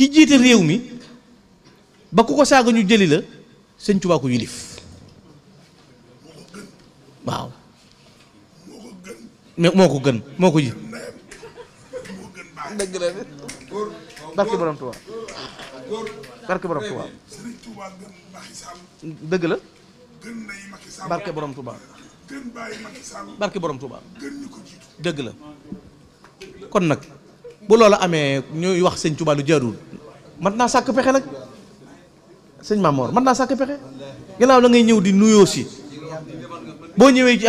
ki jiite réew mi ba ku ko saaga ñu jëli la sëñ Tuubaa ko yilif waaw moo ko gën moo ko ji dëgg la barke borom Tuubaa barke borom dëgg la kon nag bu loolu amee ñuy wax sëñ Tuubaa lu man naa sàkk pexe nag sëñ Mamor man naa sàkk pexe gannaaw la ngay ñëw di nuyoo si boo ñëwee